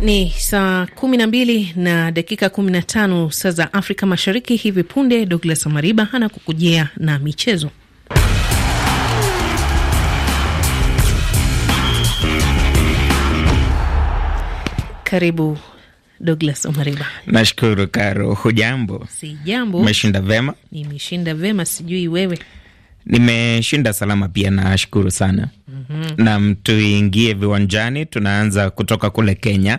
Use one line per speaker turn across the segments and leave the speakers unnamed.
Ni saa kumi na mbili na dakika kumi na tano saa za Afrika Mashariki. Hivi punde Douglas Amariba anakukujia na michezo. Karibu Douglas Omariba.
Nashukuru Karo. Hujambo? Si
jambo. Umeshinda vema? Nimeshinda vema, sijui wewe.
Nimeshinda salama pia, nashukuru sana mm -hmm. Nam, tuingie viwanjani. Tunaanza kutoka kule Kenya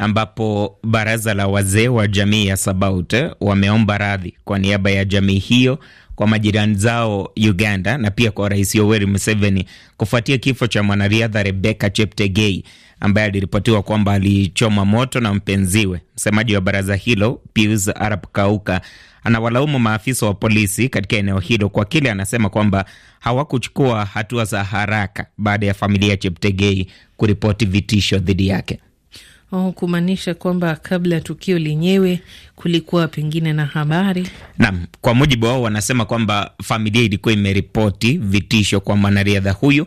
ambapo baraza la wazee wa jamii ya Sabaute wameomba radhi kwa niaba ya jamii hiyo kwa majirani zao Uganda na pia kwa Rais Yoweri Museveni kufuatia kifo cha mwanariadha Rebeka Cheptegei ambaye aliripotiwa kwamba alichoma moto na mpenziwe. Msemaji wa baraza hilo Pius Arap Kauka anawalaumu maafisa wa polisi katika eneo hilo kwa kile anasema kwamba hawakuchukua hatua za haraka baada ya familia ya Cheptegei kuripoti vitisho dhidi yake.
Oh, kumaanisha kwamba kabla ya tukio lenyewe kulikuwa pengine na habari.
Naam, kwa mujibu wao wanasema kwamba familia ilikuwa imeripoti vitisho kwa mwanariadha huyu,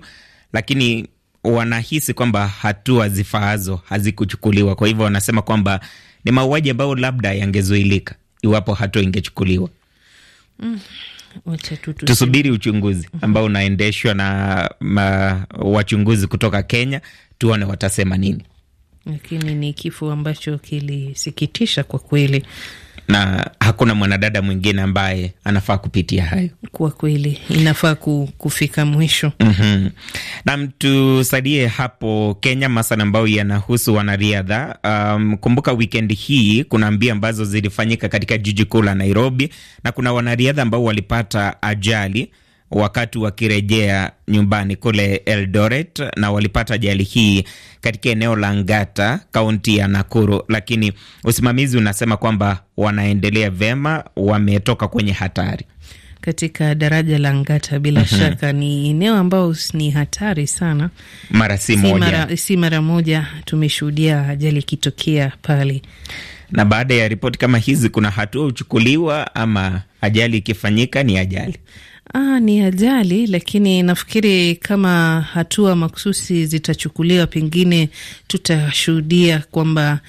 lakini wanahisi kwamba hatua zifaazo hazikuchukuliwa. Kwa hivyo wanasema kwamba ni mauaji ambayo labda yangezuilika iwapo hatua ingechukuliwa.
Mm. Tusubiri
uchunguzi ambao unaendeshwa na ma, wachunguzi kutoka Kenya, tuone watasema nini,
lakini ni kifo ambacho kilisikitisha kwa kweli
na hakuna mwanadada mwingine ambaye anafaa kupitia hayo.
Kwa kweli inafaa kufika mwisho. mm
-hmm. Nam, tusalie hapo Kenya, masala ambayo yanahusu wanariadha. Um, kumbuka wikendi hii kuna mbio ambazo zilifanyika katika jiji kuu la Nairobi na kuna wanariadha ambao walipata ajali wakati wakirejea nyumbani kule Eldoret, na walipata ajali hii katika eneo la Ngata, kaunti ya Nakuru, lakini usimamizi unasema kwamba wanaendelea vema, wametoka kwenye hatari
katika daraja la Ngata bila mm -hmm. shaka ni eneo ambao ni hatari sana,
mara si moja,
si mara moja tumeshuhudia ajali ikitokea pale.
Na baada ya ripoti kama hizi, kuna hatua huchukuliwa ama ajali ikifanyika ni ajali?
Aa, ah, ni ajali lakini nafikiri kama hatua maksusi zitachukuliwa, pengine tutashuhudia kwamba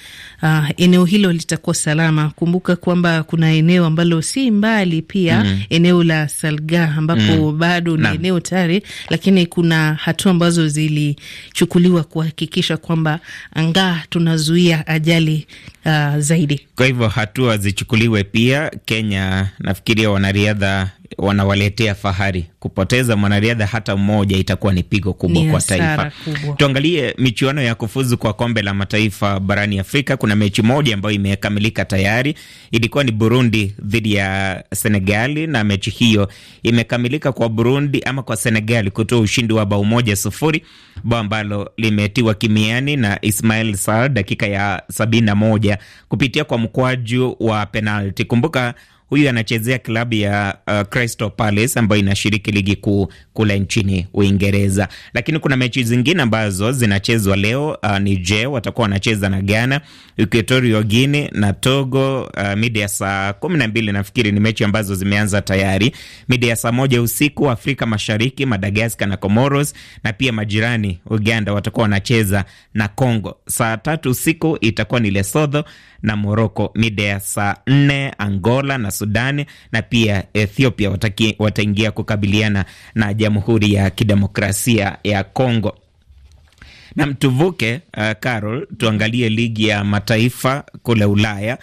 uh, eneo hilo litakuwa salama. Kumbuka kwamba kuna eneo ambalo si mbali pia mm. eneo la Salga ambapo mm. bado ni eneo tayari, lakini kuna hatua ambazo zilichukuliwa kuhakikisha kwamba angaa tunazuia ajali uh, zaidi.
Kwa hivyo hatua zichukuliwe pia. Kenya nafikiria wanariadha wanawaletea fahari. Kupoteza mwanariadha hata mmoja itakuwa ni pigo kubwa ni kwa taifa kubwa. Tuangalie michuano ya kufuzu kwa kombe la mataifa barani Afrika. Kuna mechi moja ambayo imekamilika tayari, ilikuwa ni Burundi dhidi ya Senegali, na mechi hiyo imekamilika kwa Burundi ama kwa Senegali kutoa ushindi wa bao moja sufuri, bao ambalo limetiwa kimiani na Ismail Sarr dakika ya sabini na moja kupitia kwa mkwaju wa penalti. Kumbuka Huyu anachezea klabu ya uh, Crystal Palace ambayo inashiriki ligi kuu kule nchini Uingereza. Lakini kuna mechi zingine ambazo zinachezwa leo. Uh, ni je watakuwa wanacheza na Ghana, Equatorial Guinea na Togo uh, mida ya saa kumi na mbili nafikiri ni mechi ambazo zimeanza tayari. Mida ya saa moja usiku Afrika Mashariki, Madagaskar na Comoros, na pia majirani Uganda watakuwa wanacheza na Congo. Saa tatu usiku itakuwa ni Lesotho na Morocco. Mida ya saa nne Angola na Sudan na pia Ethiopia wataingia kukabiliana na Jamhuri ya Kidemokrasia ya Kongo. Na mtuvuke uh, Carol, tuangalie ligi ya mataifa kule Ulaya,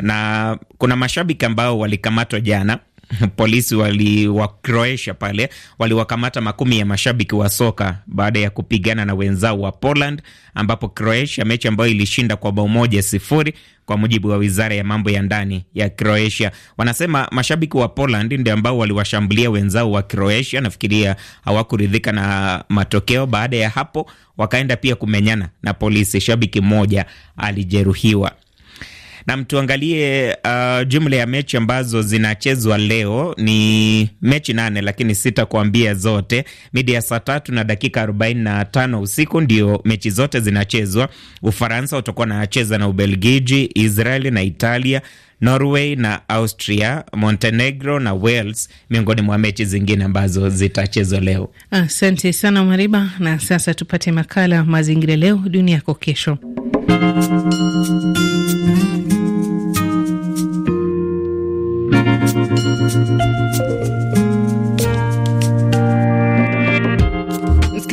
na kuna mashabiki ambao walikamatwa jana polisi wali wa Croatia pale waliwakamata makumi ya mashabiki wa soka baada ya kupigana na wenzao wa Poland, ambapo Croatia, mechi ambayo ilishinda kwa bao moja sifuri kwa mujibu wa wizara ya mambo ya ndani ya Croatia. Wanasema mashabiki wa Poland ndio ambao waliwashambulia wenzao wa Croatia. Nafikiria hawakuridhika na matokeo. Baada ya hapo, wakaenda pia kumenyana na polisi, shabiki mmoja alijeruhiwa. Nam, tuangalie uh, jumla ya mechi ambazo zinachezwa leo ni mechi nane, lakini sitakuambia zote. Midi ya saa tatu na dakika arobaini na tano usiku ndio mechi zote zinachezwa. Ufaransa utakuwa nacheza na Ubelgiji, Israeli na Italia, Norway na Austria, Montenegro na Wales, miongoni mwa mechi zingine ambazo zitachezwa leo.
Asante sana Mariba. Na sasa tupate makala Mazingira Leo Dunia Yako Kesho.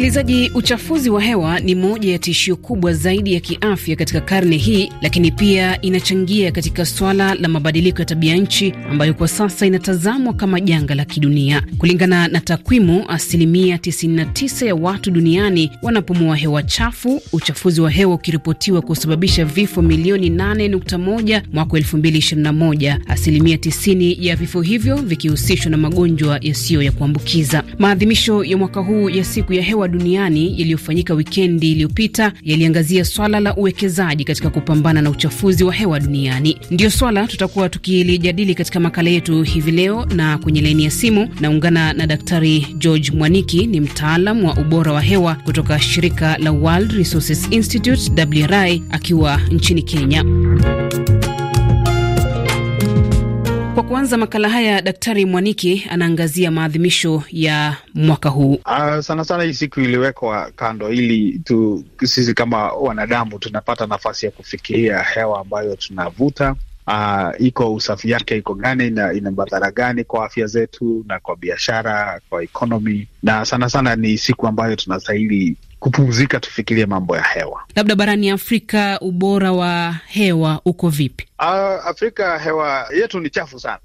Msikilizaji, uchafuzi wa hewa ni moja ya tishio kubwa zaidi ya kiafya katika karne hii, lakini pia inachangia katika swala la mabadiliko ya tabia nchi ambayo kwa sasa inatazamwa kama janga la kidunia. Kulingana na takwimu, asilimia 99 ya watu duniani wanapumua hewa chafu, uchafuzi wa hewa ukiripotiwa kusababisha vifo milioni 8.1 mwaka 2021, asilimia 90 ya vifo hivyo vikihusishwa na magonjwa yasiyo ya kuambukiza. Maadhimisho ya mwaka huu ya siku ya hewa duniani yaliyofanyika wikendi iliyopita yaliangazia swala la uwekezaji katika kupambana na uchafuzi wa hewa duniani. Ndiyo swala tutakuwa tukilijadili katika makala yetu hivi leo, na kwenye laini ya simu naungana na Daktari George Mwaniki, ni mtaalam wa ubora wa hewa kutoka shirika la World Resources Institute WRI akiwa nchini Kenya. Kwa kuanza makala haya, Daktari Mwaniki anaangazia maadhimisho
ya mwaka huu. Uh, sana sana hii siku iliwekwa kando ili tu sisi kama wanadamu tunapata nafasi ya kufikiria hewa ambayo tunavuta Uh, iko usafi yake iko gani na ina madhara gani kwa afya zetu na kwa biashara, kwa ekonomi, na sana sana ni siku ambayo tunastahili kupumzika, tufikirie mambo ya hewa.
Labda barani Afrika ubora wa hewa uko vipi?
Uh, Afrika hewa yetu ni chafu sana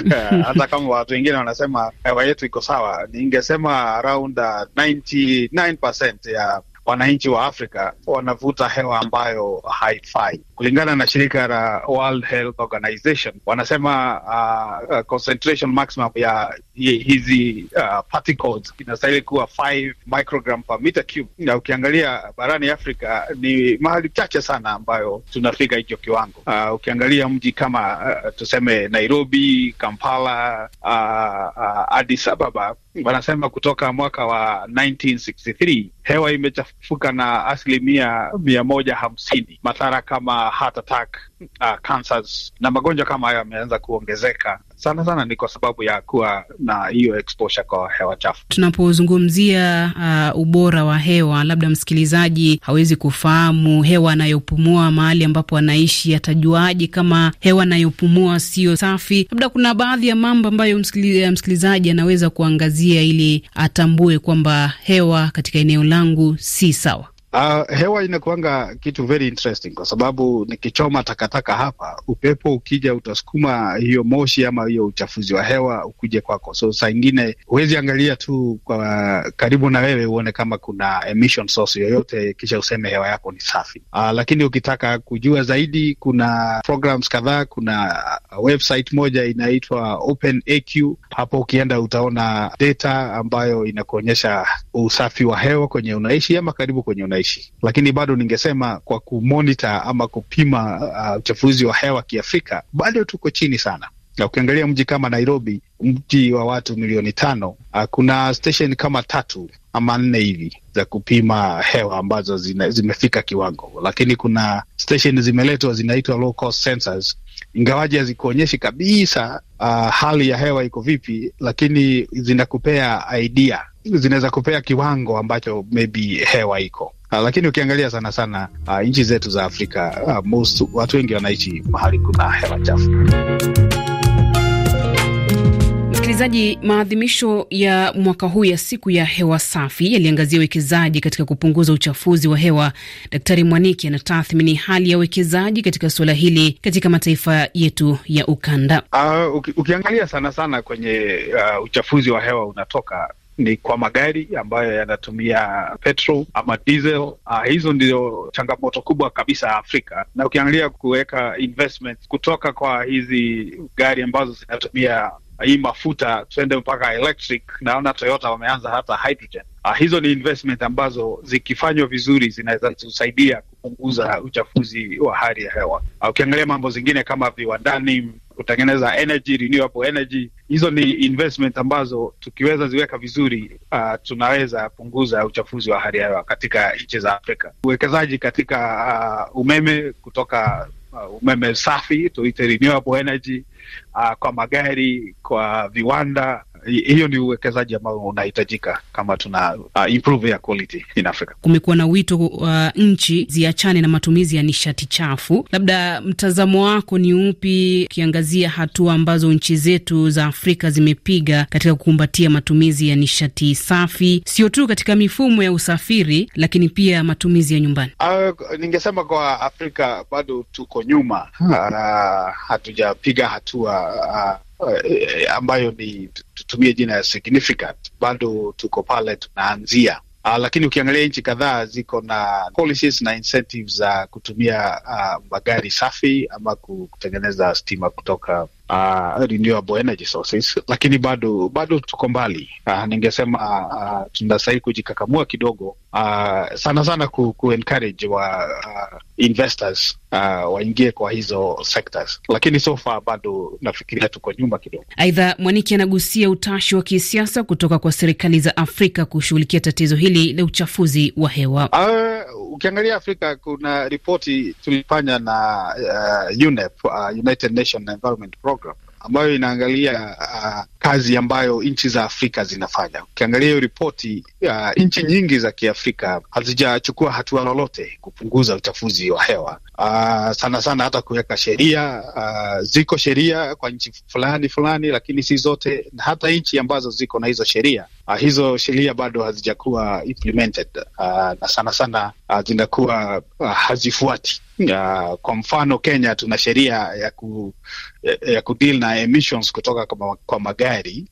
hata kama watu wengine wanasema hewa yetu iko sawa, ningesema around 99% uh, ya wananchi wa Afrika wanavuta hewa ambayo haifai kulingana na shirika la World Health Organization wanasema uh, uh, concentration maximum ya hizi uh, particles inastahili kuwa 5 microgram per meter cube, na ukiangalia barani Afrika ni mahali chache sana ambayo tunafika hicho kiwango. Uh, ukiangalia mji kama uh, tuseme Nairobi, Kampala, uh, uh, Addis Ababa wanasema kutoka mwaka wa 1963 hewa imechafuka na asilimia mia moja hamsini. Madhara kama heart attack, uh, cancers na magonjwa kama hayo yameanza kuongezeka sana sana ni kwa sababu ya kuwa na hiyo exposure kwa hewa chafu.
Tunapozungumzia uh, ubora wa hewa, labda msikilizaji hawezi kufahamu hewa anayopumua mahali ambapo anaishi, atajuaje kama hewa anayopumua siyo safi? Labda kuna baadhi ya mambo ambayo uh, msikilizaji anaweza kuangazia ili atambue kwamba hewa katika eneo langu si sawa.
Uh, hewa inakuanga kitu very interesting kwa sababu nikichoma takataka hapa, upepo ukija utasukuma hiyo moshi ama hiyo uchafuzi wa hewa ukuje kwako. So saa ingine huwezi angalia tu kwa karibu na wewe uone kama kuna emission source yoyote, kisha useme hewa yako ni safi. Uh, lakini ukitaka kujua zaidi, kuna programs kadhaa. Kuna website moja inaitwa OpenAQ. Hapo ukienda utaona data ambayo inakuonyesha usafi wa hewa kwenye unaishi ama karibu kwenye unaishi tunaishi, lakini bado ningesema kwa kumonita ama kupima uh, uchafuzi wa hewa kiafrika bado tuko chini sana. Na ukiangalia mji kama Nairobi, mji wa watu milioni tano, uh, kuna stesheni kama tatu ama nne hivi za kupima hewa ambazo zina, zimefika kiwango, lakini kuna stesheni zimeletwa zinaitwa low cost sensors, ingawaji hazikuonyeshi kabisa uh, hali ya hewa iko vipi, lakini zinakupea idea, zinaweza kupea kiwango ambacho maybe hewa iko Uh, lakini ukiangalia sana sana uh, nchi zetu za Afrika uh, most watu wengi wanaishi mahali kuna hewa chafu.
Msikilizaji, maadhimisho ya mwaka huu ya siku ya hewa safi yaliangazia uwekezaji katika kupunguza uchafuzi wa hewa. Daktari Mwaniki anatathmini hali ya uwekezaji katika suala hili katika mataifa yetu ya ukanda.
Uh, ukiangalia sana sana kwenye uh, uchafuzi wa hewa unatoka ni kwa magari ambayo yanatumia petrol ama diesel. Uh, hizo ndio changamoto kubwa kabisa Afrika, na ukiangalia kuweka investment kutoka kwa hizi gari ambazo zinatumia hii mafuta tuende mpaka electric. Naona Toyota wameanza hata hydrogen. Ah, hizo ni investment ambazo zikifanywa vizuri zinaweza tusaidia kupunguza uchafuzi wa hali ya hewa. Ah, ukiangalia mambo zingine kama viwandani kutengeneza energy, renewable energy. Hizo ni investment ambazo tukiweza ziweka vizuri, uh, tunaweza punguza uchafuzi wa hali ya hewa katika nchi za Afrika. Uwekezaji katika uh, umeme kutoka uh, umeme safi tuite renewable energy, uh, kwa magari, kwa viwanda hiyo ni uwekezaji ambao unahitajika kama tuna uh, improve air quality in Africa.
Kumekuwa na wito wa uh, nchi ziachane na matumizi ya nishati chafu. Labda mtazamo wako ni upi, ukiangazia hatua ambazo nchi zetu za Afrika zimepiga katika kukumbatia matumizi ya nishati safi, sio tu katika mifumo ya usafiri, lakini pia matumizi ya nyumbani?
Uh, ningesema kwa Afrika bado tuko nyuma, hmm. uh, hatujapiga hatua uh, uh, ambayo ni tutumie jina ya significant, bado tuko pale tunaanzia. Uh, lakini ukiangalia nchi kadhaa ziko na policies na incentives za uh, kutumia uh, magari safi ama kutengeneza stima kutoka uh, ah, renewable energy sources, lakini bado bado tuko mbali uh, ningesema uh, tunastahili kujikakamua kidogo uh, sana sana ku, ku encourage wa uh, investors uh, waingie kwa hizo sectors, lakini so far bado nafikiria tuko nyuma kidogo.
Aidha, Mwaniki anagusia utashi wa kisiasa kutoka kwa serikali za Afrika kushughulikia tatizo hili la uchafuzi wa hewa.
Uh, ukiangalia Afrika kuna ripoti tulifanya na uh, UNEP, uh, United Environment Program program ambayo inaangalia uh, kazi ambayo nchi za Afrika zinafanya. Ukiangalia hiyo ripoti uh, nchi nyingi za Kiafrika hazijachukua hatua lolote kupunguza uchafuzi wa hewa uh, sana sana hata kuweka sheria uh, ziko sheria kwa nchi fulani fulani, lakini si zote, na hata nchi ambazo ziko na hizo sheria uh, hizo sheria bado hazijakuwa implemented uh, na sana sana uh, zinakuwa uh, hazifuati Uh, kwa mfano Kenya tuna sheria ya ku, ya, kudeal na emissions kutoka kwa magari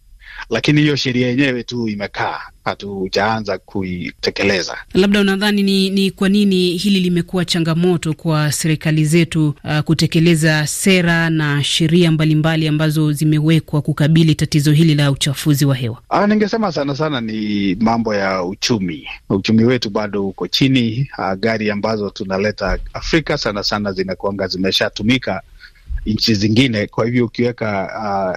lakini hiyo sheria yenyewe tu imekaa, hatujaanza kuitekeleza.
Labda unadhani ni, ni kwa nini hili limekuwa changamoto kwa serikali zetu uh, kutekeleza sera na sheria mbalimbali ambazo zimewekwa kukabili tatizo hili la uchafuzi wa hewa?
Ah, ningesema sana sana ni mambo ya uchumi. Uchumi wetu bado uko chini. Uh, gari ambazo tunaleta Afrika sana sana zinakuanga zimeshatumika nchi zingine, kwa hivyo ukiweka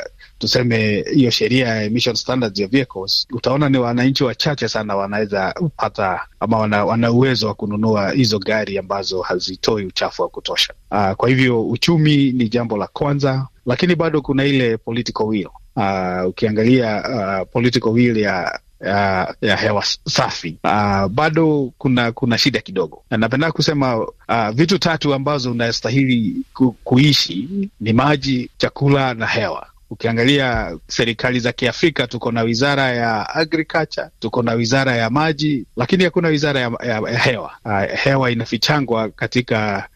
uh, tuseme hiyo sheria ya emission standards ya vehicles, utaona ni wananchi wachache sana wanaweza pata ama wana, wana uwezo wa kununua hizo gari ambazo hazitoi uchafu wa kutosha. Uh, kwa hivyo uchumi ni jambo la kwanza, lakini bado kuna ile political will. Uh, ukiangalia uh, political will ya ya, ya hewa safi uh, bado kuna kuna shida kidogo, na napenda kusema uh, vitu tatu ambazo unastahili ku, kuishi ni maji, chakula na hewa. Ukiangalia serikali za Kiafrika, tuko na wizara ya agriculture, tuko na wizara ya maji, lakini hakuna wizara ya, ya, ya hewa. Uh, hewa inafichangwa katika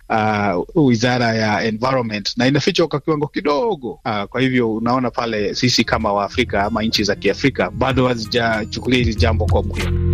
uh, wizara ya environment na inafichwa kwa kiwango kidogo. Uh, kwa hivyo unaona pale sisi kama Waafrika ama nchi za Kiafrika bado hazijachukulia hili jambo kwa muhimu.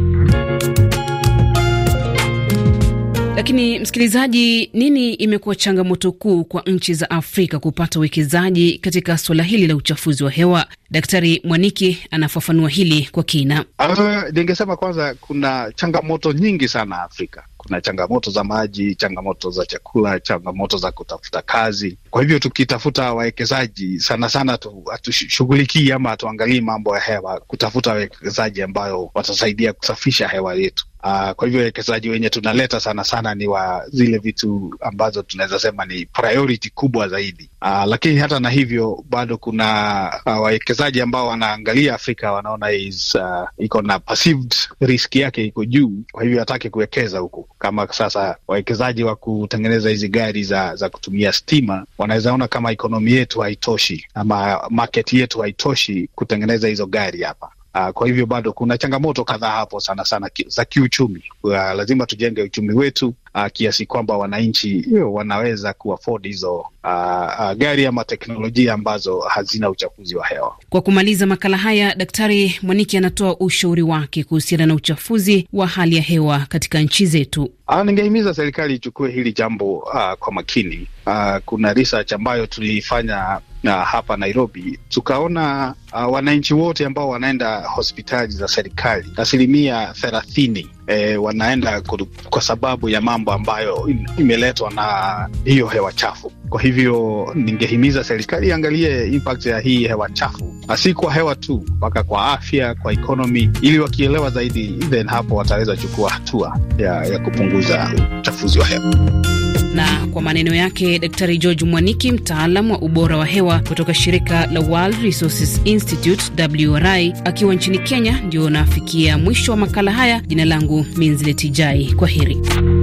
Lakini msikilizaji, nini imekuwa changamoto kuu kwa nchi za Afrika kupata uwekezaji katika suala hili la uchafuzi wa hewa? Daktari Mwaniki anafafanua hili kwa kina.
Uh, ningesema kwanza kuna changamoto nyingi sana Afrika. Kuna changamoto za maji, changamoto za chakula, changamoto za kutafuta kazi. Kwa hivyo tukitafuta wawekezaji sana sana, hatushughulikii ama hatuangalii mambo ya hewa, kutafuta wawekezaji ambayo watasaidia kusafisha hewa yetu. Uh, kwa hivyo wekezaji wenye tunaleta sana sana ni wa zile vitu ambazo tunaweza sema ni priority kubwa zaidi. Uh, lakini hata na hivyo bado kuna uh, wawekezaji ambao wanaangalia Afrika wanaona is, uh, iko na perceived risk yake iko juu, kwa hivyo hataki kuwekeza huku. Kama sasa wawekezaji wa kutengeneza hizi gari za, za kutumia stima wanaweza ona kama ikonomi yetu haitoshi ama market yetu haitoshi kutengeneza hizo gari hapa Uh, kwa hivyo bado kuna changamoto kadhaa hapo sana sana za kiuchumi. Uh, lazima tujenge uchumi wetu uh, kiasi kwamba wananchi eh, wanaweza kuafford hizo uh, uh, gari ama teknolojia ambazo hazina uchafuzi wa hewa.
Kwa kumaliza makala haya, Daktari Mwaniki anatoa ushauri wake kuhusiana na uchafuzi wa hali ya hewa katika nchi zetu.
Ah, ningehimiza serikali ichukue hili jambo ah, kwa makini. Ah, kuna research ambayo tuliifanya ah, hapa Nairobi tukaona uh, wananchi wote ambao wanaenda hospitali za serikali asilimia thelathini eh, wanaenda kwa sababu ya mambo ambayo imeletwa na hiyo hewa chafu. Kwa hivyo ningehimiza serikali iangalie impact ya hii hewa chafu na si kwa hewa tu, mpaka kwa afya, kwa ekonomi, ili wakielewa zaidi, then hapo wataweza chukua hatua ya, ya kupunguza uchafuzi wa hewa.
Na kwa maneno yake Daktari George Mwaniki, mtaalam wa ubora wa hewa kutoka shirika la World Resources Institute WRI, akiwa nchini Kenya, ndio naafikia mwisho wa makala haya. Jina langu Minzileti Jai, kwa heri.